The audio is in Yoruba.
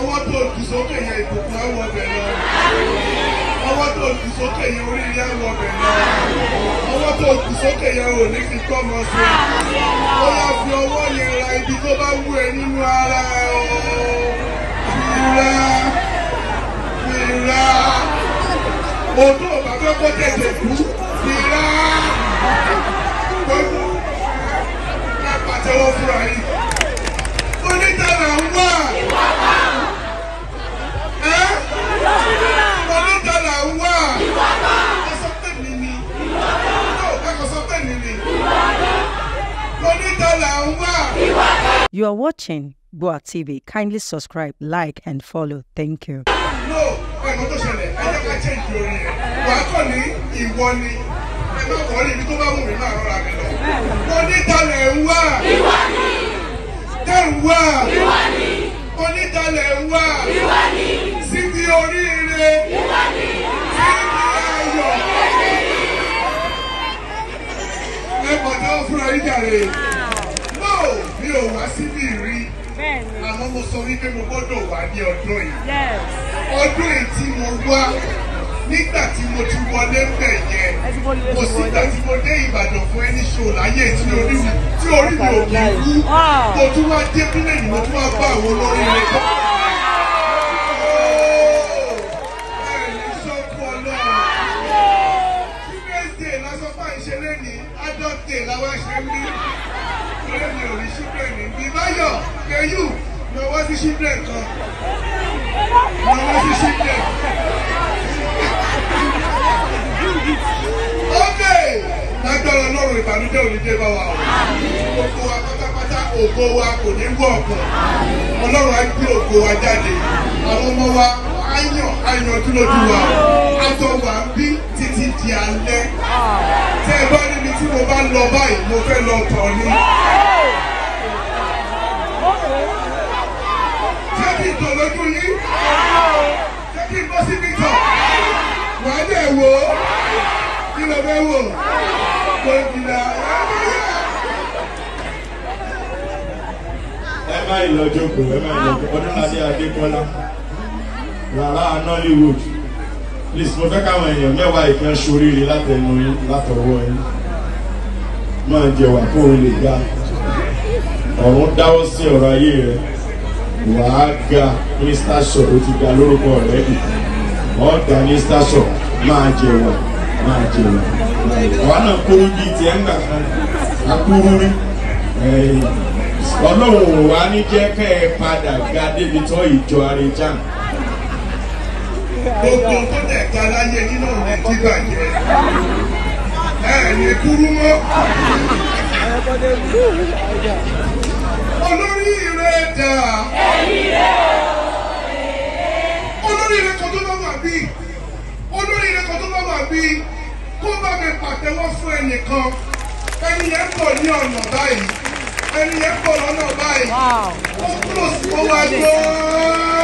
ọwọ́ tó lù sókè yẹn ìbùkún bẹ̀ lọ. ọwọ́ tó lù sókè oríire ẹ̀ bẹ̀ lọ. ọwọ́ tó lù sókè yẹn fi tọ́mọ sí. ó yà fi ọwọ́ yẹn ra ibi tó bá wù ẹ́ nínú ara ọ̀ ìrà ìrà. òdò bàbá kó tètè kú. You are watching Boa TV. Kindly subscribe, like, and follow. Thank you. No, ẹ̀mọ́ tó ṣẹlẹ̀ ẹ jẹ́ ká change orin rẹ̀. Wàá kàn mi ò wá síbí rí àmọ́ mo sọ wípé mo gbọ́dọ̀ wá ní ọdún yìí ọdún yìí tí mo wá nígbà tí mo ti wọlé bẹ̀ yẹn kò sígbà tí mo dé ìbàdàn fún ẹni ṣò láyé tí orí mi tí orí mi ò kì í mo tún wá dé bílẹ̀ yìí mo tún wá bá àwọn olórin rẹ̀ kọ́. làwọn ṣe ń bí lẹ́yìn orí children ní bí báyọ̀ kẹyù náwó sí children kan náwó sí children. okay lágbára ọlọ́run ìbànújẹ́ òní bá wa o gbogbo wa pátápátá ògo wa kò ní wọ ọ̀pọ̀ ọlọ́run á gbé ògo wa jáde àwọn ọmọ wa á yàn á lójú wa àjọ wà bí títí di alẹ́ tẹ́ ẹ bá ní tí mo bá lọ báyìí mo fẹ́ lọ tọ̀ ni. ṣé kí n tọ̀ lójú ní? ṣé kí n bọ́ síbi tọ̀? wà á dẹ̀ wò ó kí ló fẹ́ wò kó jìnnà ẹ má lọ jókòó ẹ má lọ Ọdúnládé Adékọ́lá rárá Nollywood please mo fẹ́ káwọn èèyàn mẹ́wàá ìkan ṣoríire látẹnu yín látọwọ́ yín. máa jẹ̀wà kó o lè ga ọ̀run dáwọ́ sí ọ̀rọ̀ ayé rẹ á ga ní station ó ti ga lórúkọ rẹ ọ̀gá ní station máa jẹ̀wà máa jẹ̀wà àwa náà kúrú bíi tiẹ̀ ń gbà kan akúrú rí ọlọ́run ò wá ní jẹ́ kẹ́ ẹ padà ga débi tán ìjọ àrèjàn gbogbo tó dẹ̀ ga láyé nínú rẹ̀ ti bàjẹ́. ẹ̀ẹ̀ni kúrú mọ́. olórí rẹ̀ dà. olórí rẹ̀ kan tó bá wà bí olórí rẹ̀ kan tó bá wà bí kó bá mi pàtẹ́wọ́ fún ẹnìkan ẹni yẹn bọ̀ ní ọ̀nà báyìí ẹni yẹn bọ̀ lọ́nà báyìí ó kúrò sí owó ẹgbẹ́.